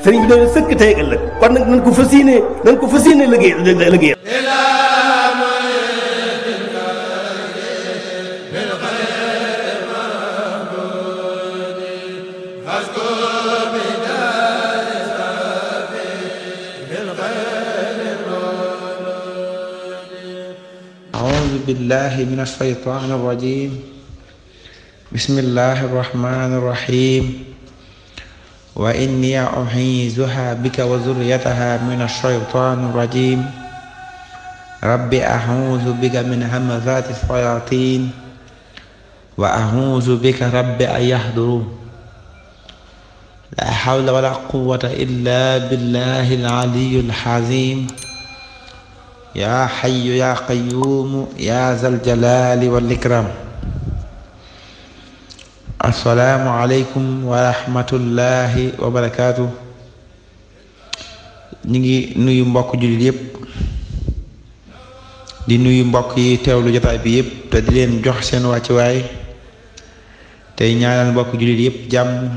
sëriñ bi doon sëkk tey ak ëllëg kon nag nañ ko fas yéene nañ ko fas yéene liggéey liggéey بالله من الشيطان الرجيم بسم الله الرحمن الرحيم wa inni u'iizuha bika wa zurriyataha min ash-shaytaani rajiim rabbi a'uuzu bika min hamazaati shayaatiin wa a'uuzu bika rabbi an yahduruun laa hawla wa laa quwwata illaa billaahi al-'aliyyi al-'aziim yaa hayyu yaa qayyuum yaa zal jalaali wal ikraam assalaamu aleykum wa rahmatullahi wa ñu ngi nuyu mbokk jullit yépp di nuyu mbokk yi teewlu jotaay bi yépp te di leen jox seen wàccuwaay tey ñaanal mbokk jullit yépp jàmm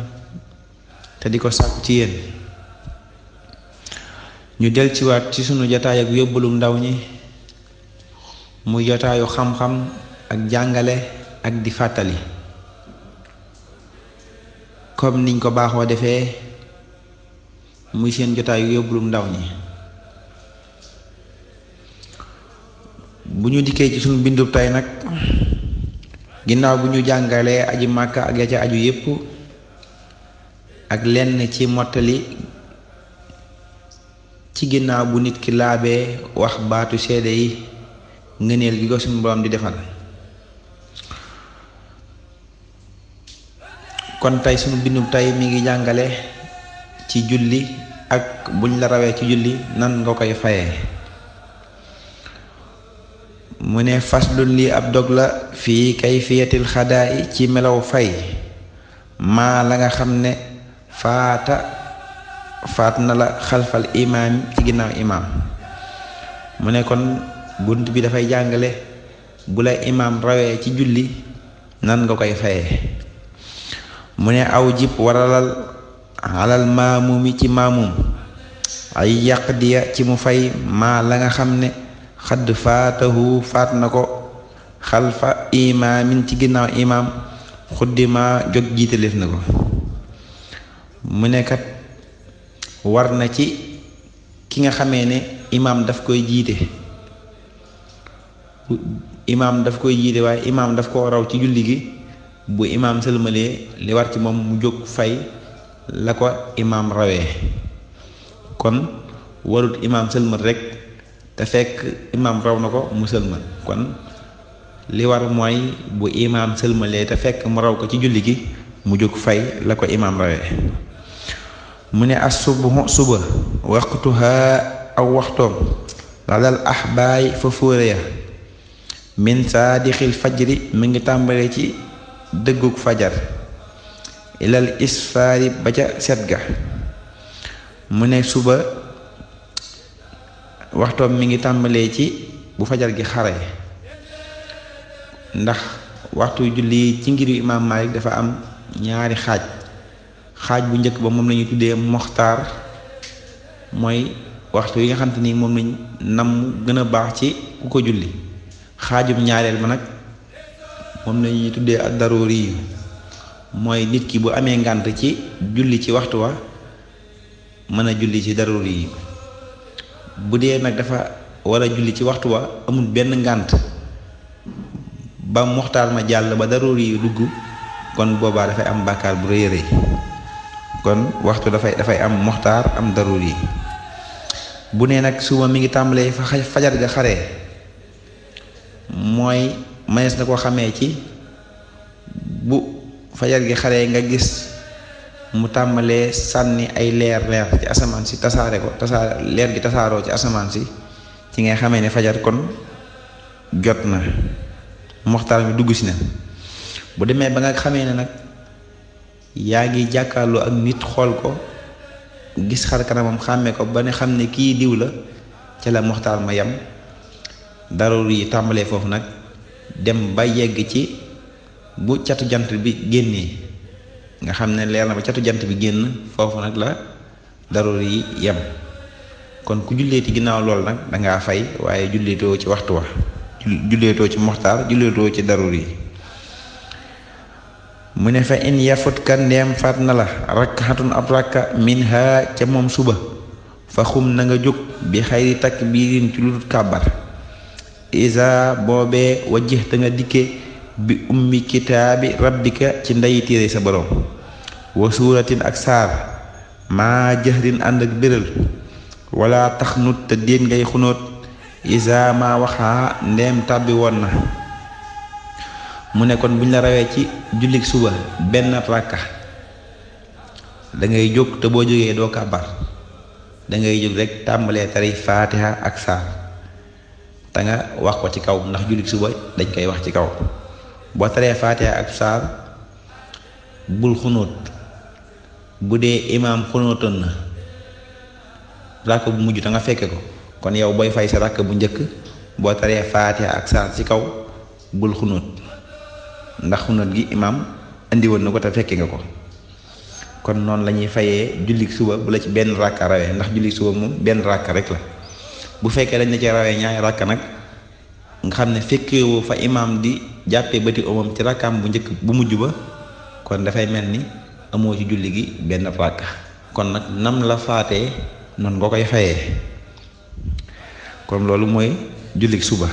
te di ko sàkku ci yéen ñu del ci waat ci sunu jotaay ak yóbbalum ndaw ñi muy jotaayu xam-xam ak jàngale ak di fàttali comme niñ ko baaxoo defee muy seen jotaay yóbbulum ndaw ñi bu ñu dikkee ci suñu bindu tey nag ginnaaw bu ñu jàngalee aji màkka ak ya ca aju yépp ak lenn ci mottali ci ginnaaw bu nit ki laabee wax baatu seede yi ngëneel gi ko suñu borom di defal kon tey sunu bindu tey mi ngi jàngale ci julli ak buñ la rawee ci julli nan nga koy fayee mu ne faslun lii ab dog la fii kayfiyatil xadaa'i ci melaw fay maa la nga xam ne faata faat na la xalfal imaam ci ginnaaw imaam mu ne kon bunt bi dafay jàngale bu la imaam rawee ci julli nan nga koy fayee mu ne aw jib waralal xalal maamumi ci maamum ay yàq diya ci mu fay maa la nga xam ne xadd faatahu faat na ko xalfa imaamin ci ginnaaw imaam xuddima jog jiitaleef na ko mu nekkat war na ci ki nga xamee ne imaam daf koy jiite imaam daf koy jiite waaye imaam daf ko raw ci julli gi bu imaam sëlmalee li war ci moom mu jóg fay la ko imaam rawee kon warut imaam sëlmal rek te fekk imaam raw na ko mu sëlmal kon li war mooy bu imaam sëlmalee te fekk mu raw ko ci julli gi mu jóg fay la ko imaam rawee mu ne as subu suba waxtuha aw waxtoom dalal axbaay fa fóore ya min saadixil fajri mu ngi tàmbalee ci dëggug fajar ilal isfaari ba ca set ga mu ne suba waxtoom mi ngi tàmbalee ci bu fajar gi xare ndax waxtu julli ci ngir imaam Maalik dafa am ñaari xaaj xaaj bu njëkk ba moom lañuy tuddee moxtaar mooy waxtu yi nga xam ni moom lañ namm gën a baax ci ku ko julli xaajum ñaareel ba nag moom la ñuy tuddee ak daroori yi mooy nit ki bu amee ngànt ci julli ci waxtu wa mën a julli ci daroori yi bu dee nag dafa war a julli ci waxtu wa amul benn ngànt ba moxtaar ma jàll ba daroori yi dugg kon boobaa dafay am bàkkaar bu rëy rëy kon waxtu dafay dafay am moxtaar am daroori yi bu nee nag suba mi ngi tàmbalee fa fajar ga xare mooy manees na ko xamee ci bu fajar gi xaree nga gis mu tàmbalee sànni ay leer leer ci asamaan si tasaare ko tasaare leer gi tasaaroo ci asamaan si ci ngay xamee ni fajar kon jot na moxtaar mi dugg si na bu demee ba nga xamee ne nag yaa ngi jàkkaarloo ak nit xool ko gis xar kanamam xàmme ko ba ne xam ne kii diw la ca la moxtaar ma yam daruri yi tàmbalee foofu nag dem ba yegg ci bu catu jant bi génnee nga xam ne leer na ba catu jant bi génn foofu nag la daroor yi yem kon ku julleeti ginnaaw lool nag danga fay waaye julleetoo ci waxtu wa julleetoo ci moxtaar julleetoo ci daroor yi mu ne fa in yafut ka faat na la rakkaatun ab rakka min ca moom suba fa xum na nga jóg bi xayri takk biirin ci lu dul kàbbar isa boobee wajjix te nga dikk bi ummi kitaabi rabbika ci nday téere sa borom wa suuratin ak saar maa jëxrin ànd ak béral wala tax nut te déet ngay xunóot isa maa waxaa ndeem tàbbi woon na mu nekkoon kon la rawee ci jullik suba benn ràkka dangay jóg te boo jógee doo kàbbar dangay jóg rekk tàmbalee tari faatiha ak saar te wax ko ci kaw ndax jullit suba dañ koy wax ci kaw boo taree faatiha ak saar bul xunóot bu dee imaam xunóotoon na ràkk bu mujj te nga fekke ko kon yow booy fay sa ràkk bu njëkk boo taree faatiha ak saar ci kaw bul xunóot ndax xunóot gi imaam indi woon na ko te fekke nga ko kon noonu lañuy fayee julli suba bu la ci benn ràkka rawee ndax jullit suba moom benn ràkk rek la bu fekkee dañ la ci rawee ñaari ràkk nag nga xam ne fekkeewoo fa imaam di jàppee bëti omam ci rakkaam bu njëkk bu mujj ba kon dafay mel ni amoo ci julli gi benn rakk kon nag nam la faatee noonu nga koy fayee kon loolu mooy julli suba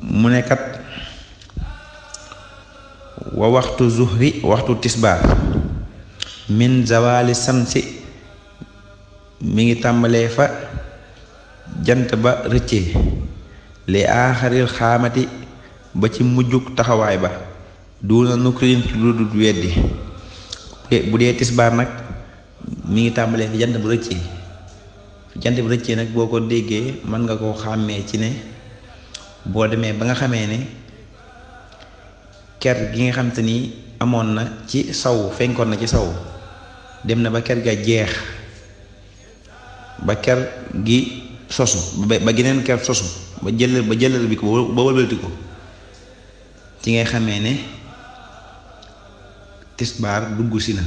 mu nekkat kat wa waxtu zuhri waxtu tisbaar min zawali samsi mi ngi tàmbalee fa jant ba rëccee li aaxaril xaamati ba ci mujjug taxawaay ba duuna nukrin ci lu dul weddi bu dee tisbaar nag mi ngi tàmbalee fi jant bu rëccee jant bu rëccee nag boo ko déggee mën nga koo xàmmee ci ne boo demee ba nga xamee ne ker gi nga xam te ni amoon na ci saw fenkoon na ci saw dem na ba ker ga jeex ba ker gi sosu ba geneen ker sosu ba jëlal ba jëlal bi ko ba wëlbati ko ci ngay xamee ne tisbaar dugg si na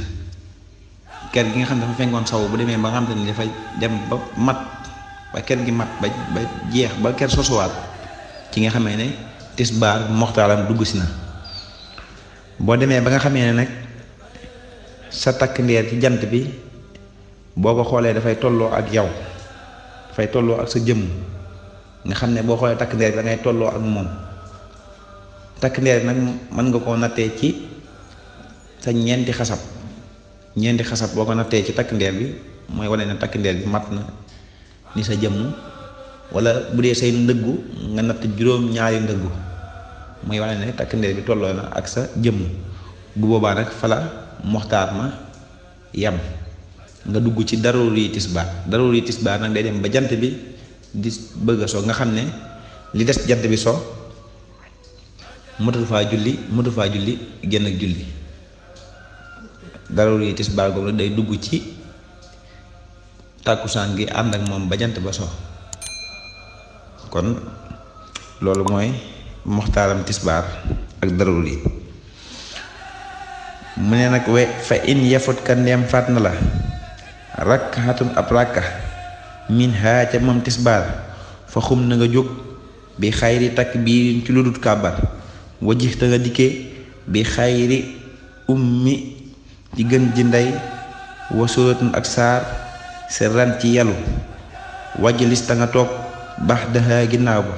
ker gi nga xam ne dafa fengoon saw bu demee ba nga xam ne dafa dem ba mat ba ker gi mat ba jeex ba ker sosuwaat nga xamee ne tisbaar moxtaalam dugg si na boo demee ba nga xamee ne nag sa takk ndeer ci jant bi boo ko xoolee dafay tolloo ak yow dafay tolloo ak sa jëmm nga xam ne boo xoolee takk ndeer bi da tolloo ak moom takk ndeer bi nag mën nga koo nattee ci sa ñeenti xasab ñeenti xasab boo ko nattee ci takk ndeer bi mooy wane ne takk ndeer bi mat na ni sa jëmm wala bu dee say ndëggu nga natt ndëggu mooy wane ne takk ndeer bi tolloo na ak sa jëmm bu boobaa nag fala moxtaar ma yam nga dugg ci daruri tisbaar daruri tisbaar nag day dem ba jant bi di bëgg a nga xam ne li des jant bi soo mëtul faa julli mëtul faa julli génn ak julli daruri tisbaar googu nag day dugg ci tàkkusaan gi ànd ak moom ba jant ba so kon loolu mooy moxtaaram tisbaar ak daruri mu ne nag we fa in yafut ka faat na la rakkaatun ab rakka min haa ca moom tisbaar fa xum na nga jóg bi xayri takbiirin ci ludut kàbbar wajix te nga dikkee bi xayri ummi ci gën ji ndey wa suratun ak saar serran ci yalu wajalis ta nga toog baax daxa ginnaaw ba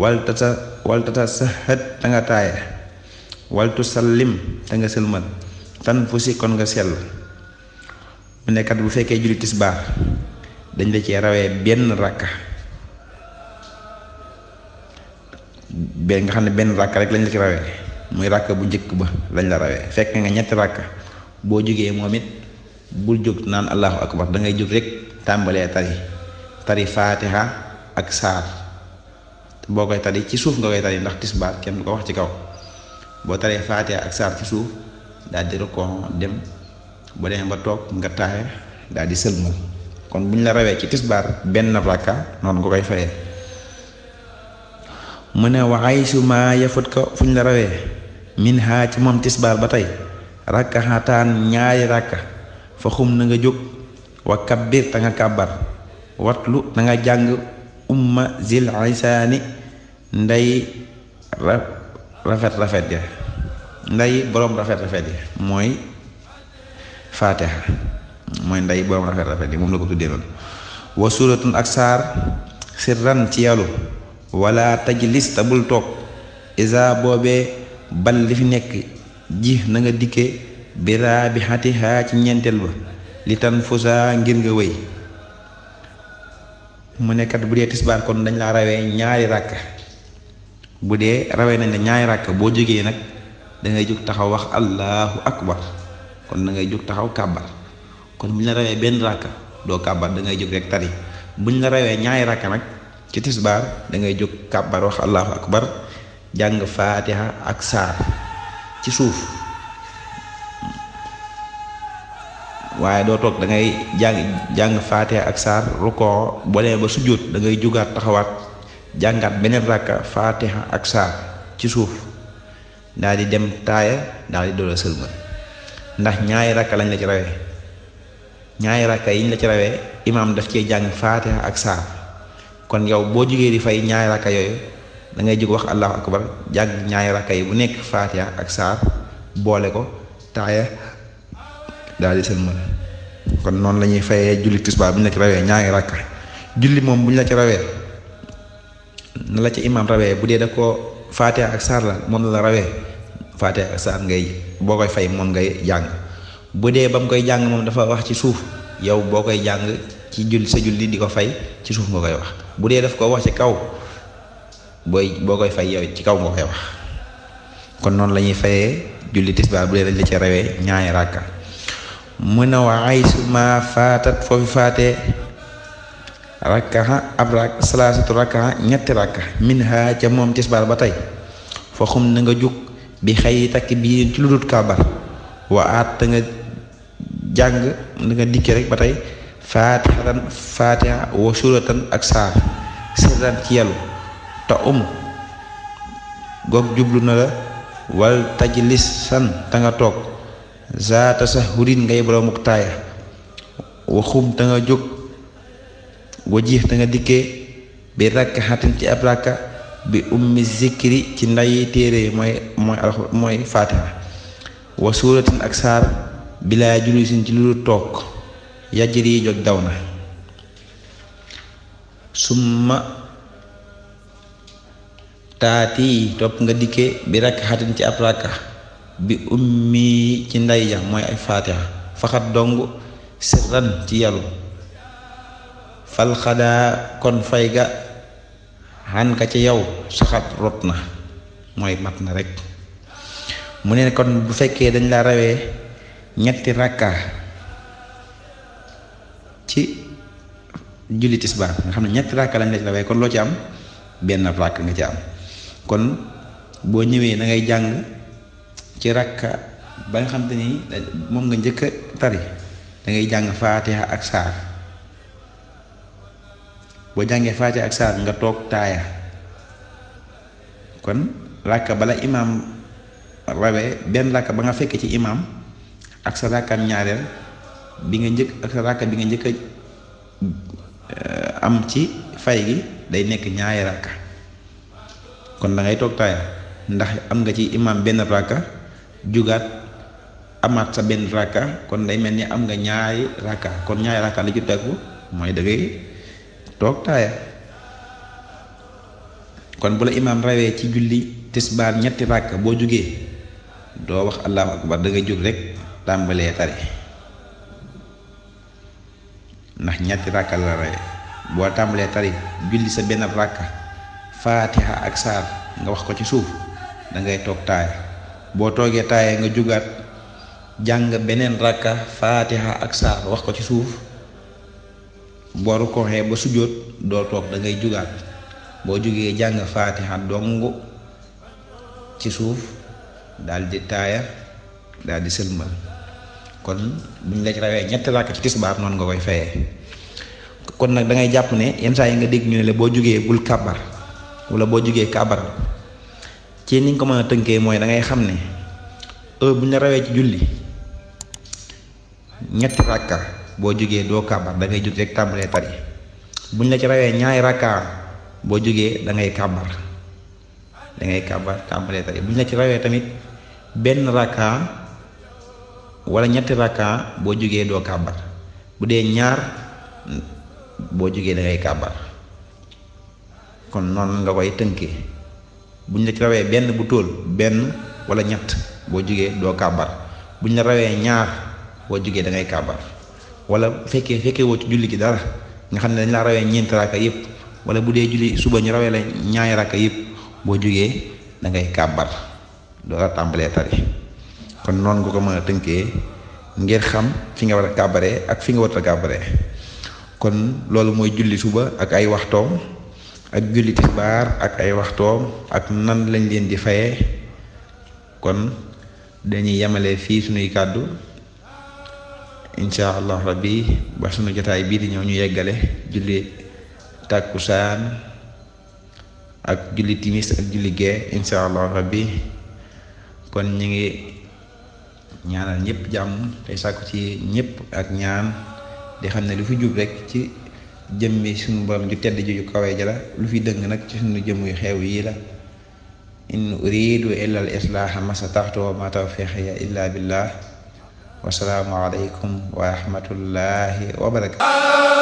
waltata waltata saxat ta nga taaya waltu sallim ta nga sëlmal tan fu si kon nga sell mu nekkat bu fekkee julli tisbaar dañ la cee rawee benn rakka benn nga xam ne benn rakka rek lañ la ci rawee muy rakka bu njëkk ba lañ la rawee fekk nga ñetti rakka boo jógee moom it bu jóg naan allahu akbar da ngay jóg rek tàmbalee tari tari faatiha ak saar boo koy tari ci suuf nga koy tari ndax tisbaar kenn du ko wax ci kaw boo taree faatiha ak saar ci suuf dal di rek ko dem boo demee ba toog nga taaya daal di sëlmal kon buñ la rawee ci tisbaar benn rakka noonu nga koy fayee mu ne waxay su yafut ko fuñ la rawee min ci moom tisbaar ba tey rakka xataan ñaari rakka fa xum na nga jóg wa kabbir ta nga kàbbar watlu na nga jàng umma zil isaani nday rafet rafet ya nday boroom rafet rafet ya mooy fatiha mooy ndey borom rafet rafet yi moom la ko tuddee noonu wa suratun ak saar sirran ci yàllu wala tajlis ta bul toog isa boobee bal li fi nekk ji nanga nga dikke biraa bi xatihaa ci ñeenteel ba li tan fusa ngir nga wéy mu nekkat bu dee tisbaar kon dañ la rawee ñaari ràkk bu dee rawee nañ la ñaari ràkk boo jógee nag dangay jóg taxaw wax allahu akbar kon da ngay jóg taxaw kàbbar kon mu ñu la rawee benn rakka doo kàbbar da ngay jóg rek tari bu ñu la rawee ñaari rakka nag ci tisbaar dangay ngay jóg kàbbar wax allahu akbar jàng ci suuf waaye doo toog da jàng jàng faatiha ak saar rukkoo bolee ba sujjóot da ngay jógaat taxawaat jàngaat beneen rakka faatiha ak saar ci suuf daal di dem taaya daal di doole sëlmal ndax ñaari rakka lañ la ci rawee ñaari rakka yiñ la ci rawee imaam daf cee jàng faatiha ak saar kon yow boo jógee di fay ñaari rakka yooyu dangay ngay jóg wax allahu akbar jàng ñaari rakka yi bu nekk faatiha ak saar boole ko taaya daal di seen mën kon noonu lañuy ñuy fayee julli tisbaar bu ñu la ci rawee ñaari rakka julli moom bu ñu la ci rawee na la ci imaam rawee bu dee da ko faatiha ak saar la moom la rawee faatiha ak saar ngay boo koy fay moom ngay jàng bu dee ba mu koy jàng moom dafa wax ci suuf yow boo koy jàng ci jul sa julli di ko fay ci suuf nga koy wax bu dee daf koo wax ci kaw booy boo koy fay yow ci kaw nga koy wax kon noonu la ñuy fayee julli tisbaar bu dee dañ la ci rawee ñaari ràkka mu a wa aysu ma faatat foofu faatee rakkaxa ab rak salaasatu rakkaxa ñetti rakka min ha ca moom tisbaar ba tey fa xum na nga jug bi xëy takk biirin ci lu dut kàbbar wa aat te nga jàng da nga dikki rek ba tey faatixatan faatixa wa suratan ak saar sirran ci yàllu te um goog jublu na la wal tajlis san te nga toog zaata sa hurin ngay boromuk taaya wa xum te nga jóg wa jiif te nga dikkee bi rakk xatin ci ab rakka bi ummi zikri ci ndayi téere mooy mooy mooy faatiha wa suuratin ak saar bilaa julusin ci lu toog yajjir yi jog daw na summa taati topp nga dikke bi rakk xatin ci ab rakka bi ummi ci nday ja mooy ay faatiha faxat dong sirran ci yalu falxadaa kon fay ga xan ka ci yow saxat rot na mooy mat na rek mu ne kon bu fekkee dañ la rawee ñetti rakka ci julli tisbaar nga xam ne ñetti rakka lañ la rawee kon loo ci am benn rakk nga ci am kon boo ñëwee dangay jàng ci rakka ba nga xam ni moom nga njëkk a tari dangay jàng faatiha ak saar boo jàngee faatiha ak saar nga toog taaya kon ràkka bala imaam rawee benn ràkka ba nga fekkee ci imaam ak sa ràkkaam ñaareel bi nga njëkk ak sa ràkka bi nga njëkk a eh, am ci fay gi day nekk ñaari ràkka kon da ngay toog taaya ndax am nga ci imaam benn ràkka jugaat amaat sa benn ràkka kon day mel ni am nga ñaari ràkka kon ñaari ràkka li ci tegu mooy da toog taaya kon bu la imaam rawee ci julli tisbaar ñetti ràkk boo jógee doo wax allahu akbar da nga jóg rek tàmbalee tare ndax ñetti ràkka la rawee boo tàmbalee tari julli sa benn ràkk faatiha ak saar nga wax ko ci suuf dangay toog taaya boo toogee taaya nga jógaat jàng beneen ràkka faatiha ak saar wax ko ci suuf boo rukkooxee ba sujjóot doo toog da ngay jugaat boo jógee jàng faatiha dong ci suuf daal di taaya daal di sëlmal kon bu ñu la rawee ñetti ràkk ci tisbaar noonu nga koy fayee kon nag dangay jàpp ne yenn saa yi nga dégg ñu ne la boo jógee bul kàbbar wala boo jógee kàbbar ci ni nga ko mën a tënkee mooy dangay xam ne heure bu ñu la rawee ci julli ñetti ràkka boo jógee doo kàbbar da ngay jóg rek tàmbalee tari buñ la ci rawee ñaari rakka boo jógee da ngay kàbbar dangay ngay kàbbar tàmbalee tari buñ la ci rawee tamit benn rakka wala ñetti rakka boo jógee doo kàbbar bu dee ñaar boo jógee da ngay kàbbar kon noonu nga koy tënkee buñ la ci rawee benn bu tóol wala ñett boo jógee doo kàbbar buñ la rawee ñaar boo jógee da ngay kàbbar wala fekkee fekkee woo ci julli gi dara nga xam ne dañ la rawee ñeenti rakka yëpp wala bu dee julli suba ñu rawee la ñaari rakka yëpp boo jógee da ngay kàbbar doola tàmbalee noonu nga ko mën a tënkee ngir xam fi nga war a kàbbaree ak fi nga war a kon loolu mooy julli suba ak ay waxtoom ak julli tisbaar ak ay waxtoom ak nan lañ leen di fayee kon dañuy yemale fii suñuy kàddu incha allah rabbi ba sunu jotaay bii di ñëw ñu yeggale julli tàkkusaan ak julli timis ak julli gee incha allah rabbi kon ñu ngi ñaanal ñëpp jàmm tey sàkku ci ñëpp ak ñaan di xam ne lu fi jub rekk ci bi sunu borom ju tedd ju kawee ja la lu fi dëng nag ci sunu jëmm yu xew yi la in uridu illa al islaaha ma stata'tu wa ma tawfiqi illa wasalaamu aleykum wa rahmatullahi wa barakaatu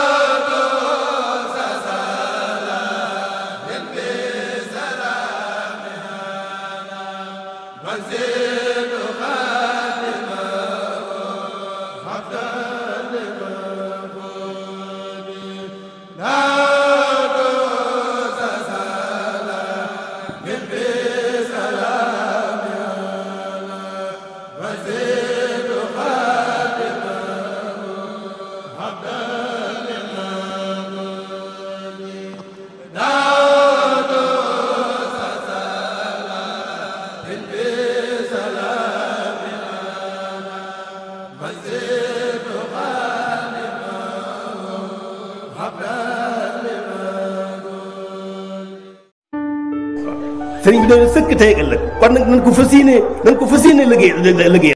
sëriñ bi doon sëkk tey ak ëllëg kon nag nañ ko fas yéene nañ ko fas yéene liggéey liggéey